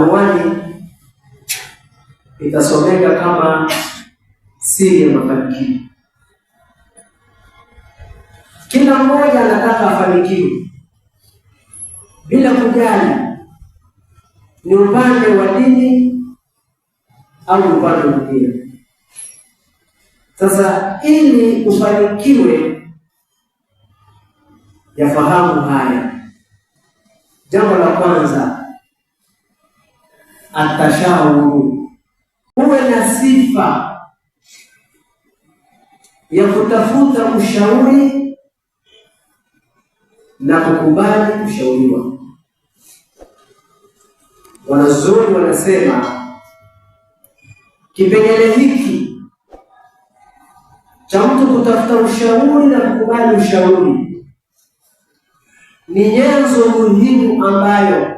awali itasomeka kama siri ya mafanikio. Kila mmoja anataka afanikiwe bila kujali ni upande wa dini au upande mwingine. Sasa ili ufanikiwe, yafahamu haya. Jambo la kwanza atashauru. Uwe na sifa ya kutafuta ushauri na kukubali kushauriwa. Wanazuoni wanasema kipengele hiki cha mtu kutafuta ushauri na kukubali ushauri ni nyenzo muhimu ambayo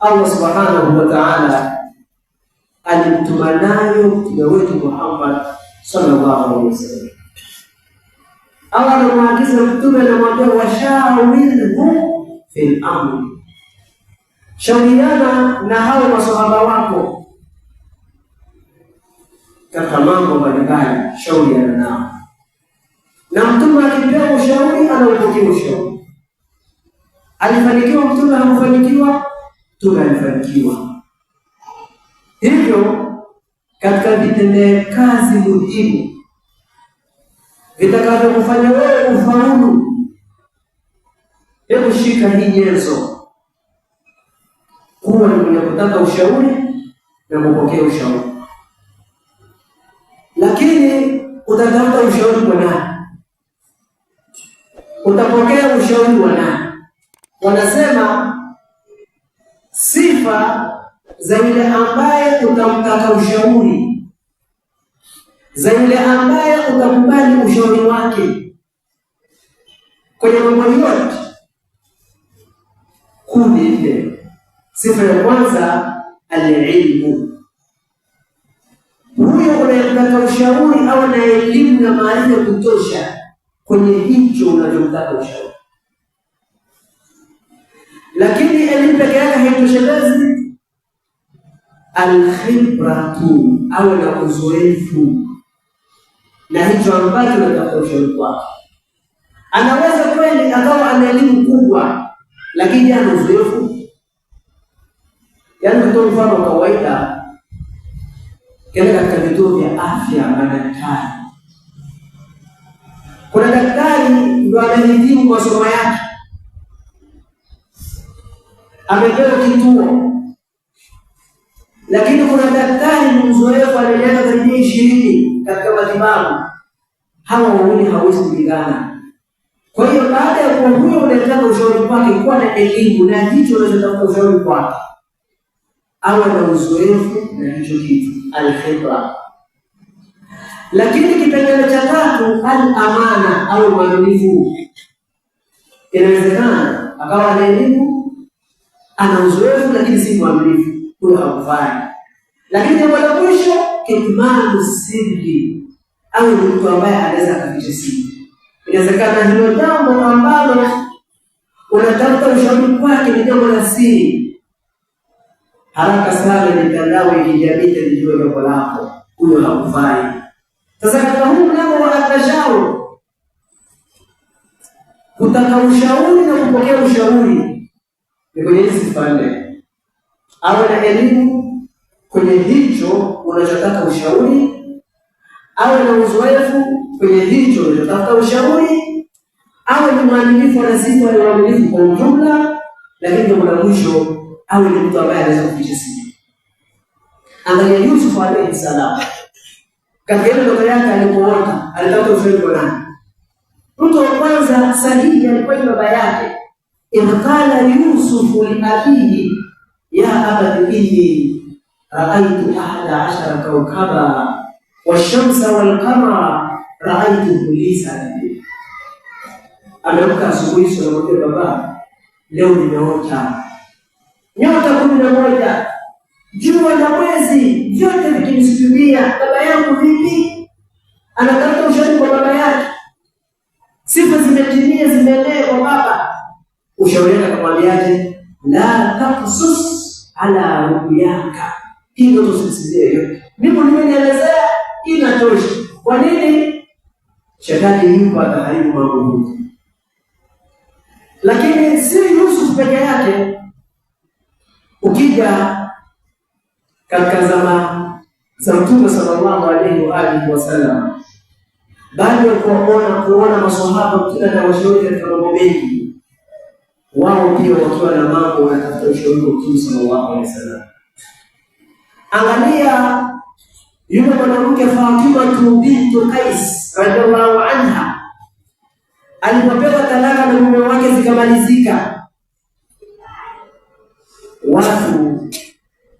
Allah subhanahu wa ta'ala alimtuma nayo mtume wetu Muhammad sallallahu alaihi wasallam. Allah anamwagiza mtume, anamwambia washawirhu fil amri, shauriana na hao maswahaba wako katika mambo mbalimbali, shauriana nao. Na mtume akipewa ushauri anaupokea ushauri. Alifanikiwa mtume tunafanikiwa. Hivyo katika vitendea kazi muhimu vitakavyokufanya wewe ufaulu, hebu shika hii nyenzo, kuwa ni mwenye kutaka ushauri na kupokea ushauri. Lakini utatafuta ushauri kwa nani? Utapokea ushauri wa nani? Wanasema sifa za yule ambaye utamtaka ushauri, za yule ambaye utakubali ushauri wake kwenye mambo yote kumi Ile Sifa ya kwanza alilmu, huyo unayemtaka ushauri au na elimu na maarifa ya kutosha kwenye hicho unachomtaka ushauri lakini elimu peke yake haitoshelezi, tu awe na uzoefu na hicho ambacho natafuta kwake. Anaweza kweli akawa ana elimu kubwa, lakini ana uzoefu. Yaani kutoa mfano wa kawaida, kenda katika vituo vya afya, madaktari, kuna daktari ndo amehitimu masomo yake amepewa kituo, lakini kuna daktari mzoefu ana miaka zaidi ya ishirini katika matibabu. Hawa wawili hawezi kupigana. Kwa hiyo baada ya kuwa huyo unataka ushauri kwake, kuwa na elimu na hicho unachotafuta ushauri kwake, awe na uzoefu na hicho kitu alkhibra. Lakini kipengele cha tatu, al amana au uaminifu. Inawezekana akawa na elimu ana uzoefu lakini si mwaminifu, huyo hamfai. Lakini jambo la mwisho, kitmanu siri, awe ni mtu ambaye anaweza akaficha siri. Inawezekana hilo jambo ambalo unatafuta ushauri kwake ni jambo la siri, haraka sana mitandao ikijamii tajijua jambo lako, huyo hamfai. Sasa katika huu mlango wa atashauri, kutaka ushauri na kupokea ushauri kwenye hizi pande, awe na elimu kwenye hicho unachotaka ushauri, awe na uzoefu kwenye hicho unachotaka ushauri, awe ni mwadilifu, anasifa ya uadilifu kwa ujumla, lakini jambo la mwisho awe ni mtu ambaye anaweza kupitia siri. Angalia Yusuf alayhi salam, katika ile ndoto yake alipoota alitaka ushauri kwa nani? Mtu wa kwanza sahihi alikuwa ni baba yake, inakala Yusuf li abihi ya abati inni raaitu ahada ashara kaukaba washamsa walqamara raaitu lisa. Ameamka asubuhi sunamwambia baba, leo nimeota nyota kumi na moja, jua na mwezi vyote vikinisujudia. Baba yangu vipi? Anatafuta ushauri kwa baba yake, sifa zimetimia, zimeenea kwa baba. Ushauri akamwambiaje? la taksus ala ruyaka, hilo tusisikizie yoyote. Mimi nimenielezea inatosha. Kwa nini shetani yupo ataharibu mambo mengi? Lakini si Yusuf peke yake. Ukija katika zama za Mtume sallallahu alaihi wa alihi wasallam, ya kuona kuona maswahaba na washauri katika mambo mengi wao pia wakiwa na mambo wanatafuta ushauri wa Mtume sallallahu alaihi wasallam. Angalia yule mwanamke Fatima bintu Qais radhiallahu anha alipopewa talaka na mume wake zikamalizika, watu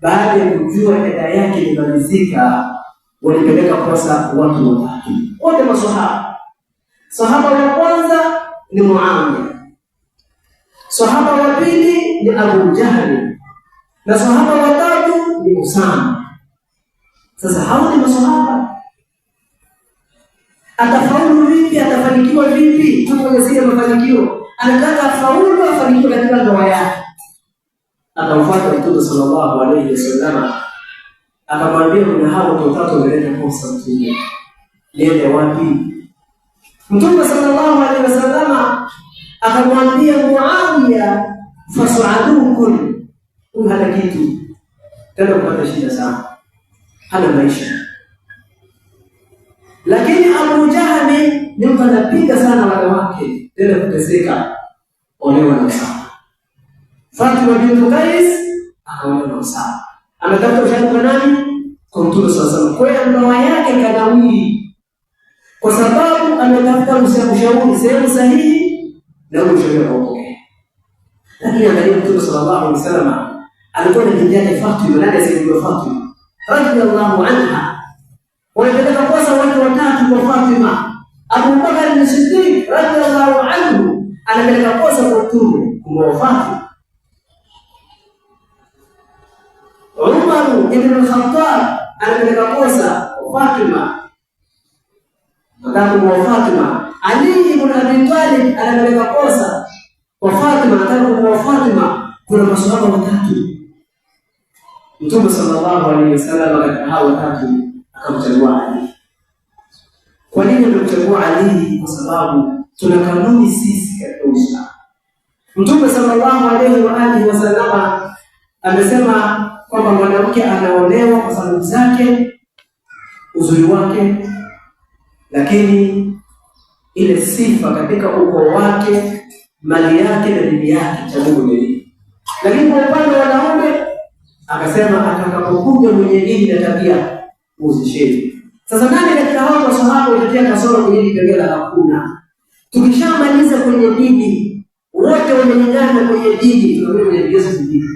baada ya kujua dada yake imemalizika walipeleka kosa watu watatu wote masahaba. Sahaba wa kwanza ni Muawiya Sahaba wa pili ni Abu Jahli na sahaba wa tatu ni Usama. Sasa hao ni masahaba. Atafaulu vipi? Atafanikiwa vipi? Tuko mafanikio, anataka afaulu, afanikiwe katika ndoa yake. Akamfuata Mtume sallallahu alaihi wasallam, akamwambia kuna hao watu watatu wameleta kosa. Mtume, niende wapi? Mtume sallallahu alaihi wasallam akamwambia Muawiya, fasadukun, huyu hana kitu tena, kupata shida sana, hana maisha. Lakini Abu Jahali ni mtu anapiga sana wale wake, tena kuteseka, olewa na Usama. Fatima bintu Kais akaolewa na Usama, amepata ushauri kwa nani? Kwa Mtume swalla Allahu Kwa ndoa yake kanawili, kwa sababu ametafuta ushauri sehemu sahihi لو جميع الموضوع لكن يا مريم النبي صلى الله عليه وسلم على كل من جاء فاطمه لا يزيد فاطمه رضي الله عنها وإذا تقوس وإذا وكانت فاطمة أبو بكر بن الصديق رضي الله عنه أنا من تقوس وقتوم هو فاطمة عمر بن الخطاب أنا من تقوس وفاطمة وكانت هو فاطمة Ali ibn Abi Talib anapeleka kosa kwa Fatima, anataka kumwoa Fatima. Kuna masuala matatu Mtume sallallahu alaihi wasallam katika hao watatu akamchagua Ali. Kwa nini amemchagua Ali? Kwa sababu tuna kanuni sisi katika Uislamu. Mtume sallallahu alaihi wa alihi wasallam amesema kwamba mwanamke anaolewa kwa sababu zake, uzuri wake, lakini ile sifa katika ukoo wake, mali yake na dini yake, cha Mungu ni. Lakini kwa upande wa wanaume akasema, atakapokuja mwenye dini na tabia uzisheni. Sasa nani katika hao masahaba walitia kasoro kwenye kipengele? Hakuna. Tukishamaliza kwenye dini, wote wamelingana kwenye dini, tunaona kwenye vigezo vingine.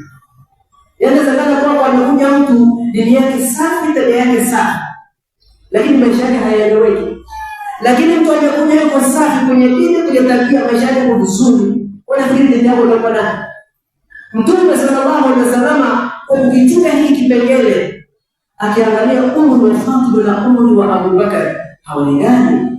Yaani zakana kwamba anakuja mtu dini yake safi, tabia yake safi, lakini maisha yake hayaeleweki lakini mtu aliyekuja yuko safi kwenye dini, kulitakia maisha yake vizuri, wanafikiri dini yako ndio bwana. Mtume sallallahu alaihi wasallam kwa kukitia hii kipengele, akiangalia umri wa Fatima na umri wa Abubakar hawalingani,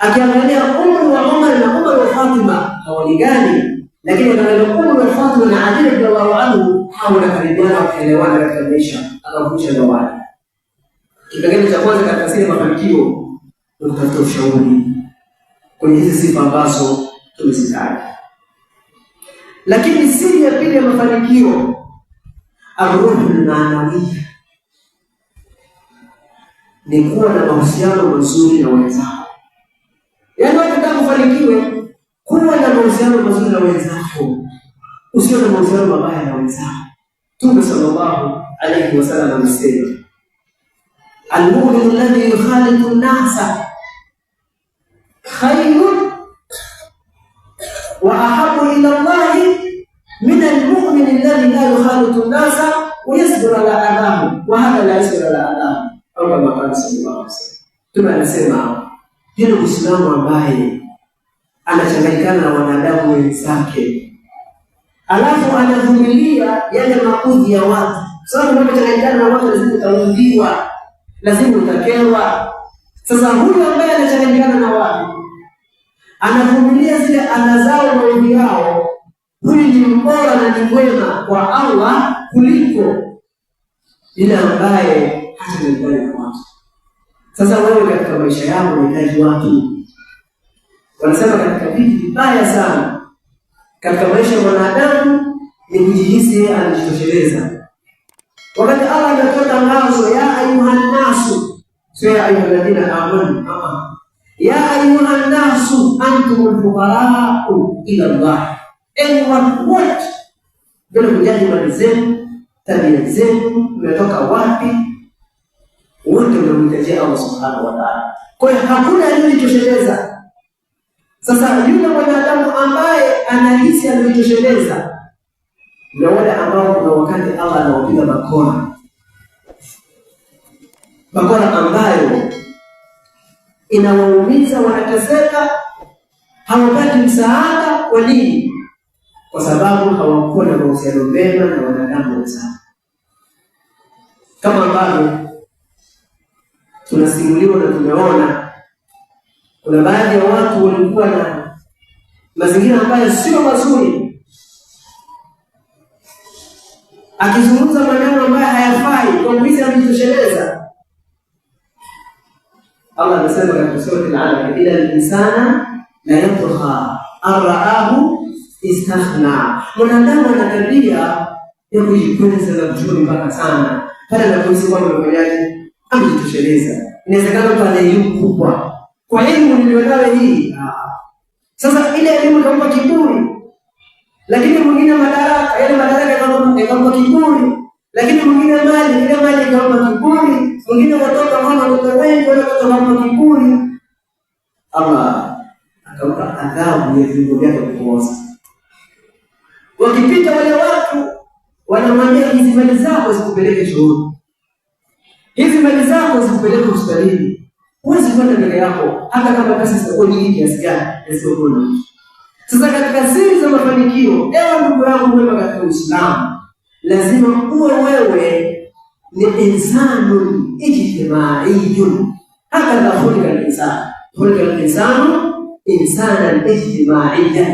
akiangalia umri wa Umar na umri wa Fatima hawalingani, lakini akiangalia umri wa Fatima na Ali radhiallahu anhu hawakaribiana, wakaelewana katika maisha, akavusha zawadi. Kipengele cha kwanza katika siri mafanikio na kutafuta ushauri kwenye hizi sifa ambazo tumezitaja. Lakini siri ya pili ya mafanikio aruhul maanawia ni kuwa na mahusiano mazuri na wenzako. Yaani wataka kufanikiwe, kuwa na mahusiano mazuri na wenzako, usio na mahusiano mabaya na wenzako. Mtume sallallahu alayhi wasallam alisema almu'minu alladhi yukhalitu an-nasa khairun wa ahabu ila llahi min almumini alladhi la yukhalitu an-nasa wa yasbiru ala adhahu wa hadha la yasbiru ala adhahu au kama sallallahu Mtume anasema yule Muislamu ambaye anachanganyikana na wanadamu wenzake alafu anavumilia yale maudhi ya watu, sababu unapochanganyikana na watu lazima utaudhiwa, lazima utakewa. Sasa huyu ambaye anachanganyikana na watu anavumilia zile ana zao maovu yao. Huyu ni mbora na ni mwema kwa Allah kuliko ile ambaye hata nimbali kwa watu. Sasa wewe katika maisha yako unahitaji watu. Wanasema katika vitu vibaya sana katika maisha ya mwanadamu ni kujihisi yeye anajitosheleza, wakati Allah anatoa tangazo ya ayuhannasu, sio ya ayuhaladina amanu ya ayuha nasu antumul fuqarau ila Allah, enyi watu wote, bila kujali mali zenu, tabia zenu, mmetoka wapi, wote mnamtetea Allah subhanahu wa taala. Kwa hiyo hakuna aliyojitosheleza. Sasa yule mwanadamu ambaye anahisi aliyojitosheleza na wale ambao kuna wakati Allah anawapiga makona, makona ambayo inawaumiza, wanateseka, hawapati msaada. Kwa nini? Kwa sababu hawakuwa na mahusiano mema na wanadamu wenzao, kama ambavyo tunasimuliwa na tumeona, kuna baadhi ya watu walikuwa na mazingira ambayo sio mazuri, akizungumza maneno ambayo hayafai, kwa mwizi amejitosheleza Allah anasema katika sura Al-Alaq, ila al-insana la yatgha an raahu istaghna, mwanadamu ana tabia ya kujipweza na kuchukua mipaka sana pale anapohisi kwamba mwenyeji amejitosheleza. Inawezekana mtu ana kubwa kwa elimu nilionayo hii, ah, sasa ile elimu ikampa kiburi, lakini mwingine madaraka, yale madaraka yakampa kiburi, lakini mwingine mali, ile mali ikampa kiburi wengine watoka mama watoto wengi watoto mama kikuli ama akampa adhabu ya vingo vyake kuoza. Wakipita wale watu wanamwambia hizi mali zako zikupeleke chooni. Hizi mali zako zikupeleke hospitalini. Huwezi kwenda mbele yako hata kama pesa zitakuwa nyingi kiasi gani zisizokuwa na. Sasa katika siri za mafanikio, ewe ndugu yangu mwema katika Uislamu, lazima uwe wewe ni insanu ijtimaiyun, hakadha khuliqa al-insan. Khuliqa al-insanu insanan ijtimaiyan,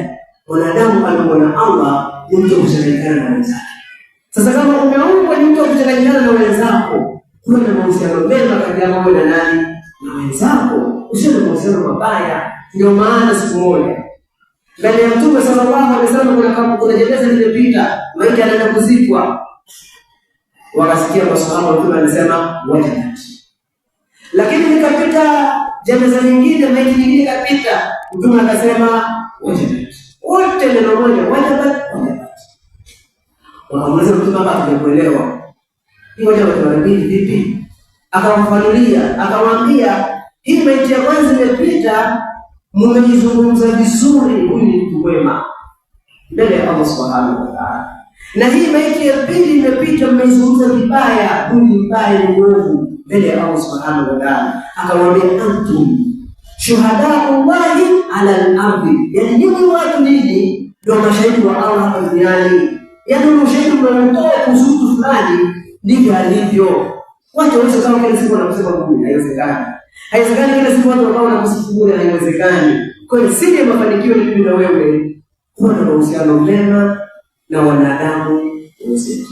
mwanadamu alimbona Allah ni mtu wa na wenzake. Sasa kama umeumbwa ni mtu wa na wenzako, kuwa na mahusiano mema kati yako na nani na wenzako, usiwe na mahusiano mabaya. Ndio maana siku moja mbele ya Mtume sallallahu alaihi wasallam kuna kuna jeneza lilipita, maiti anaenda kuzikwa wakasikia kwa sahaba mtume anasema wajabat. Lakini nikapita jeneza nyingine na hiki nyingine kapita, mtume akasema wajabat, wote neno moja, wajabat wajabat. Wakamuuliza mtume kama hatujakuelewa hii wajabat mara mbili vipi? Akamfanulia akamwambia hii maiti ya kwanza imepita, mmejizungumza vizuri, huyu ni mtu mwema mbele ya Allah subhanahu wa ta'ala na hii maiti ya pili imepita, mmeizungumza vibaya. Huyu ni mbaya, ni mwovu mbele ya Allah subhanahu wa taala. Akawaambia, antum shuhadaullahi ala al yani nyinyi watu nini ndio mashahidi wa Allah hapa duniani. Yani mashahidi mnaotoa kuzutu fulani ndivyo alivyo. Watu waweza kama kila siku wanakusema Mungu, haiwezekani, haiwezekani. Kila siku watu ambao wanakusifu haiwezekani. Kwa hiyo siri ya mafanikio ni mimi na wewe kuwa na mahusiano mema na wanadamu wenzetu.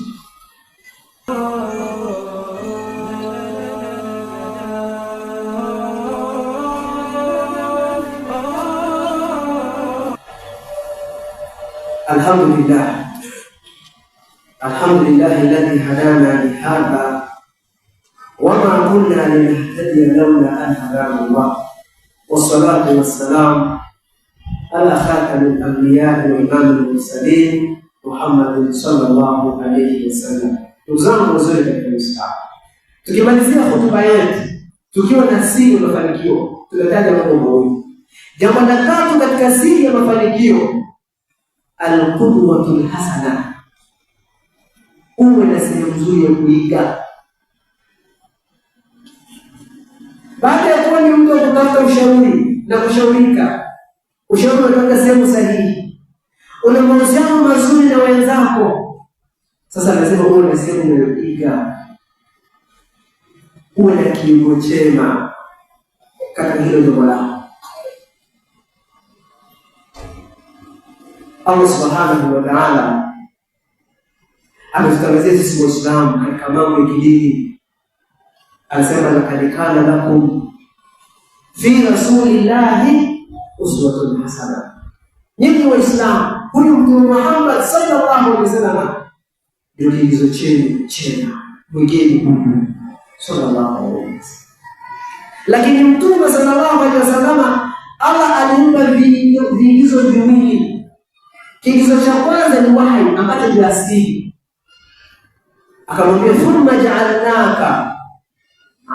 الحمد لله الحمد لله الذي هدانا لهذا وما كنا لنهتدي لولا ان هدانا الله والصلاه والسلام على خاتم الانبياء وامام المرسلين Muhammadin sallallahu alayhi wasallam. Ndugu zangu katika Uislamu, tukimalizia hotuba yetu tukiwa na siri ya mafanikio, tunataja mambo mawili. Jambo la tatu katika siri ya mafanikio, alqudwatul hasana, uwe na sehemu nzuri ya kuiga. Baada ya kuwa ni mtu wa kutafuta ushauri na kushaurika, ushauri unatoka sehemu sahihi una mahusiano mazuri na wenzako. Sasa anasema uwe ni sehemu unayopiga, uwe na kiungo chema katika hilo jambo lako. Allah subhanahu wa taala ametutangazia sisi Waislamu katika mambo ya kidini, anasema lakad kana lakum fi rasulillahi uswatun hasana. Nyinyi Waislamu Mtume Muhammad sallallahu alaihi wasallam ndio chenu chema mwigeni sallallahu alaihi wasallam. Lakini Mtume sallallahu alaihi wasallam Allah alimpa viigizo viwili. Kiigizo cha kwanza ni wahyi ambacho ni asili, akamwambia thumma ja'alnaka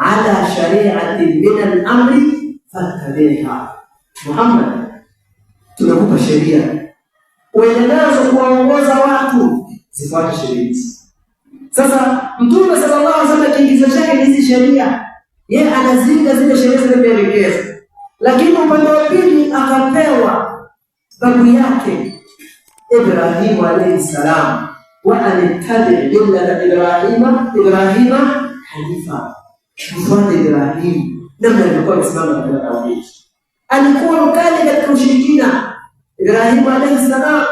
ala shari'atin min al-amri fattabi'ha Muhammad, tunakupa sheria uendelezo kuwaongoza watu zifuate sheria hizi. Sasa Mtume sallallahu alaihi wasallam kiingizo chake hizi sheria, yeye anazinga zile sheria zilizoelekezwa, lakini upande wa pili akapewa babu yake Ibrahimu alayhi salam, wa anittabi millata Ibrahima Ibrahima hanifa, mfuate Ibrahimu namna alivyokuwa amesimama katika tauhidi. Alikuwa mkali katika ushirikina Ibrahimu alayhi salam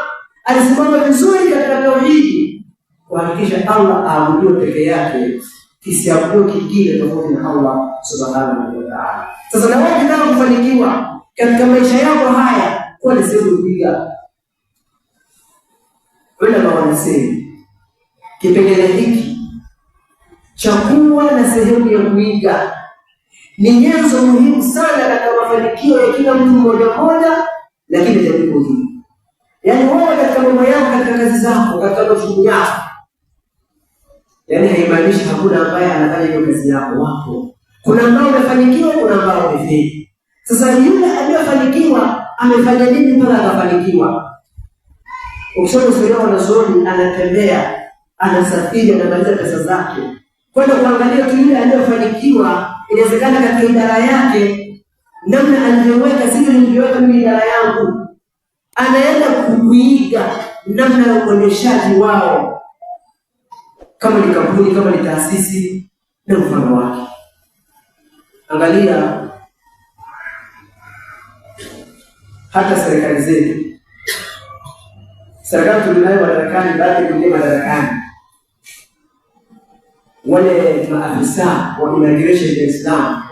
alisimama vizuri katika leo hii kuhakikisha Allah aabudiwe peke yake, kisiabudiwe kingine tofauti na Allah subhanahu wa ta'ala. Sasa na wewe ndio kufanikiwa katika maisha yako haya, kwa ni sehemu kupiga wenda na kipengele hiki cha kuwa na sehemu ya kuiga ni nyenzo muhimu sana katika mafanikio ya kila mtu mmoja mmoja lakini jaribu hili. Yaani wewe katika mambo yako, katika kazi zako, katika mashughuli yako, yaani haimaanishi hakuna ambaye anafanya hiyo kazi yako. Wapo, kuna ambao wamefanikiwa, kuna ambao wamefeli. Sasa yule aliyofanikiwa amefanya nini mpaka akafanikiwa? Ukisoma historia wanazuoni, anatembea anasafiri, anamaliza pesa zake kwenda kuangalia tu yule aliyofanikiwa. Inawezekana katika idara yake namna alivyoweka sivyo nilivyoweka mimi idara yangu, anaenda kukuiga namna ya uendeshaji wao, kama ni kampuni, kama ni taasisi na mfano wake. Angalia hata serikali zetu, serikali tulinayo madarakani, baadhi kuingia madarakani, wale maafisa wa immigration ya Islam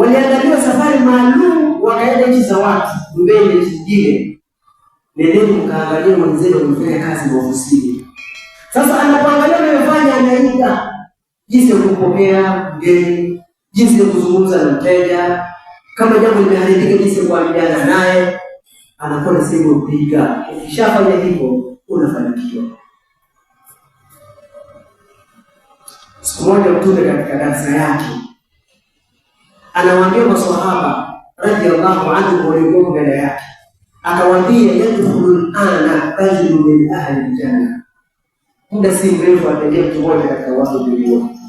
waliandaliwa safari maalum, wakaenda nchi za watu mbele, nchi Nendeni mkaangalia mwenzenu amefanya kazi maofisini. Sasa anapoangalia amefanya, anaiga jinsi ya kumpokea mgeni, jinsi ya kuzungumza na mteja, kama jambo limeharibika, jinsi ya kuambiana naye, anakuwa na sehemu ya kuiga. Ukishafanya hivyo, unafanikiwa. Siku moja mtume katika darasa yake anawaambia maswahaba radhiallahu anhu walikuwa mbele yake, akawaambia yadkhulu lana rajulu min ahli ljanna. Muda si mrefu akaingia mtu mmoja katika watu bilioni,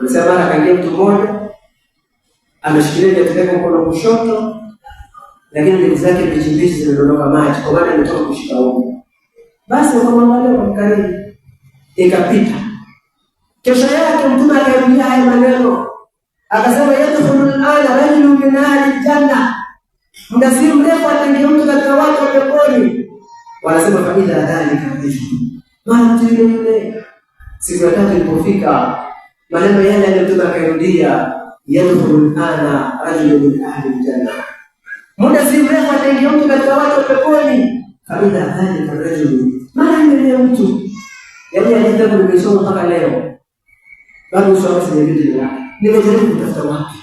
anasema mara akaingia mtu mmoja ameshikilia kiatu chake mkono kushoto, lakini ndevu zake mbichi mbichi zimedondoka maji, kwa maana ametoka kushika umu. Basi wakamwangalia kwa mkarimu, ikapita. Kesho yake Mtume akaambia haya maneno Akasema yadkhulu al-ana rajulun min ahli al-janna, muda si mrefu ataingia mtu katika watu wa peponi. Wanasema faida dhalika dhikri, mara mtu yule ile. Siku ya tatu ilipofika, maneno yale aliyotoka karudia, yadkhulu al-ana rajulun min ahli al-janna, muda si mrefu ataingia mtu katika watu wa peponi. Faida dhalika rajulun, mara ile ile mtu. Yaani hadithi nimesoma mpaka leo bado usawa sijapita yake nimejaribu kutafuta wapi.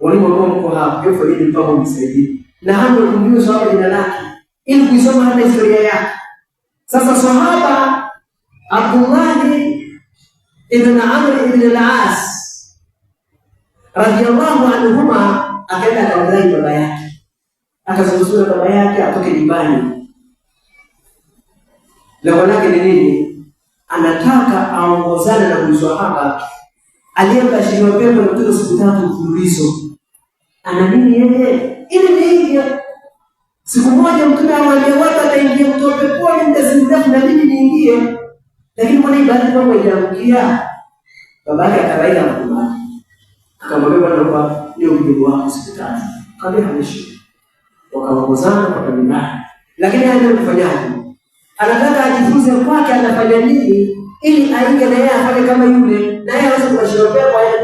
Walimu ambao mko hapa, hiyo faida mpango unisaidie. Na hapo ndio sababu jina lake ili kuisoma hata historia yake. Sasa sahaba Abdullah ibn Amr ibn al-As radiyallahu anhuma akaenda akamdai baba yake, akazungumza baba yake atoke nyumbani. Lengo lake ni nini? Anataka aongozane na huyu aliyebashiriwa pepo na kutoka siku tatu mfululizo. Ana nini yeye? Ili niingia siku moja, mtume awaambia ataingia mtope peponi muda mrefu, na nini niingie, lakini mbona ibada kwangu inaangukia? Babake akabaida na kumwambia, akamwambia bwana, kwa ndio mjibu wako siku tatu, kabla hanishi wakaongozana kwa kabila. Lakini hata mfanyaji anataka ajifunze kwake, anafanya nini ili aingie na yeye afanye kama yule naye yeye hawezi kuwashirokea kwa yeye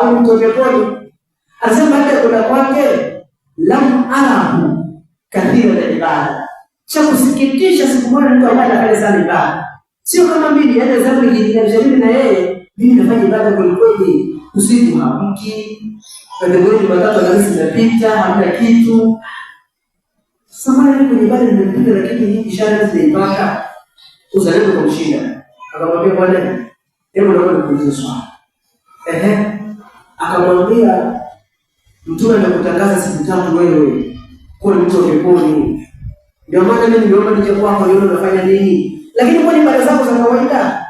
au mtoke kwenu. Anasema hata kuna kwake lam arahu kathira la ibada. Cha kusikitisha sikumuona mtu ambaye anafanya sana ibada. Sio kama mimi yaani zangu nijilinganisha na yeye, mimi nafanya ibada kweli kweli. Usiku hamki, pande gani matatu na sisi zinapita, hamna kitu. samani kwenye ibada nimepita lakini hii ishara zinaipaka. Uzalendo kwa mshinda. Akamwambia bwana Hebu naomba nikuulize swali. Ehe. Akamwambia mtume anakutangaza siku tatu wewe kuwa ni mtu wa peponi. Ndio maana mimi nimeomba nije kwako yule unafanya nini? Lakini kwa ibada zako za kawaida.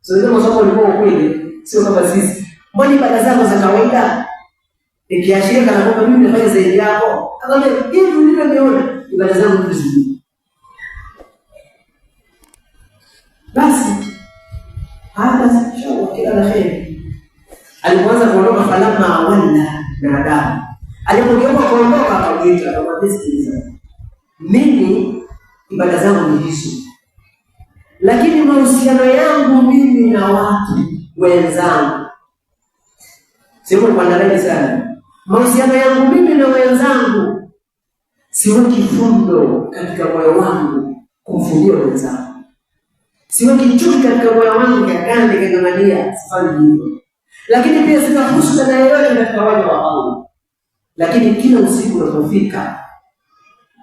Sio masomo ni kwa kweli, sio kama sisi. Mbona ibada zako za kawaida? Nikiashiria kana kwamba mimi nafanya zaidi yako. Akamwambia hivi ndivyo nimeona ibada zangu hizi. Basi kwanza kuondoka, falamma walla binadamu alipogeuka kuondoka, akajiita akamwambia, sikiliza, mimi ibada zangu ni hizo, lakini mahusiano yangu mimi na watu wenzangu sio kwa ndani sana, mahusiano yangu mimi na wenzangu, sio kifundo katika moyo wangu kumfundia wenzangu, sio kichuki katika moyo wangu, ya kakande kagamania, sifanyi hivyo lakini pia zinahusu husuda yeyote katika waja wa Allah. Lakini kila usiku unapofika,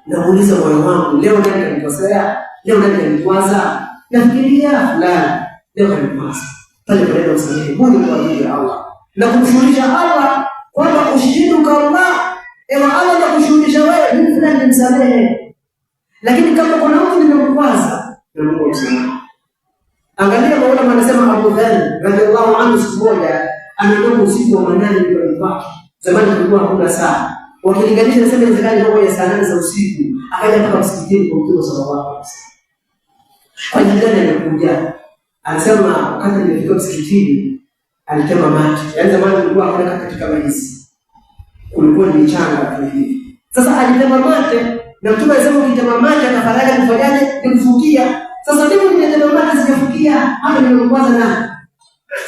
namuuliza moyo wangu, leo nani alikosea? Leo nani alikwaza? Nafikiria fulani, leo alikwaza pale pale, msamehe Mungu kwa ajili ya Allah na kumshughulisha Allah kwamba ushidu kama ewa Allah na kushughulisha wewe, mimi fulani nimsamehe, lakini kama kuna mtu nimekwaza, na Mungu amsamehe Angalia maana anasema Abu Dhar radhiallahu anhu, siku moja anatoka usiku wa manane nyumbani kwake. Zamani kulikuwa hakuna saa, wakilinganisha na nasema inawezekana robo ya saa nane za usiku, akaja mpaka msikitini kwa Mtume sallallahu alaihi wasallam. Kwa jirani anakuja anasema, wakati nilifika msikitini alitema maji, yaani zamani kulikuwa hakuna kaka katika maji, kulikuwa ni changa tu hivi. Sasa alitema mate na Mtume alisema ukitema mate na faraja kufanyaje? Ni kufukia sasa ndivyo ndio maana sijafikia hapo kwanza na.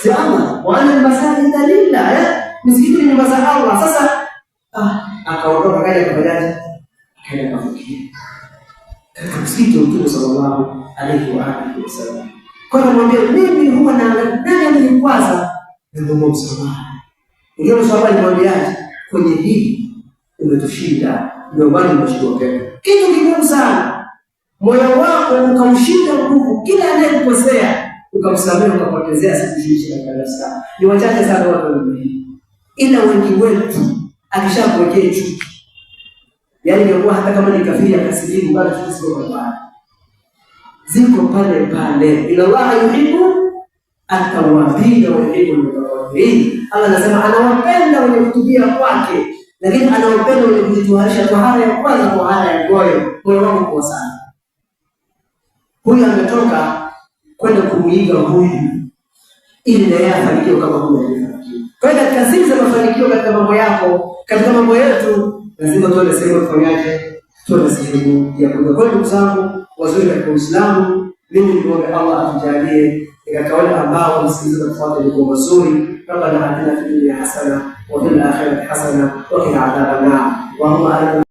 Sema wana mbasani dalila eh. Msikiti ni nyumba za Allah. Sasa ah akaondoka kaja kabajaji. Kaja kafikia. Katika msikiti Mtume sallallahu alaihi wa alihi wasallam. Kwa nini mwambie mimi huwa na nani alinikwaza? Ndio msamaha. Ndio msamaha nimwambiaje? Kwenye hili umetushinda. Ndio bali umeshindwa pepo. Kitu kigumu sana moyo wako ukamshinda nguvu, kila anayekukosea ukamsamehe, ukapotezea siku hizi katika darasa. Ni wachache sana watu wengi, ila wengi wetu akishapokea chuki, yaani ingekuwa hata kama ni kafiri akasilimu, bado tusiwe kwa baya, ziko pale pale. Ila Allah yuhibu atawapiga wahibu mtawafii. Allah anasema anawapenda wenye kutubia kwake, lakini anawapenda wenye kujitwarisha kwa haya ya kwanza, kwa haya ya goyo moyo wangu kwa sana Huyu ametoka kwenda kumuiga huyu ili naye afanikiwe kama huyu alifanikiwa. Kwa hiyo katika siri za mafanikio katika mambo yako, katika mambo yetu lazima tuone sehemu ya kufanyaje, tuwe sehemu ya kuiga. Kwa hiyo ndugu zangu wazuri katika Uislamu, mimi niombe Allah atujalie katika wale ambao wanasikiliza na kufuata mambo mazuri. Rabbana atina fid dunya hasana wa fil akhirati hasana wa qina adhaban nar.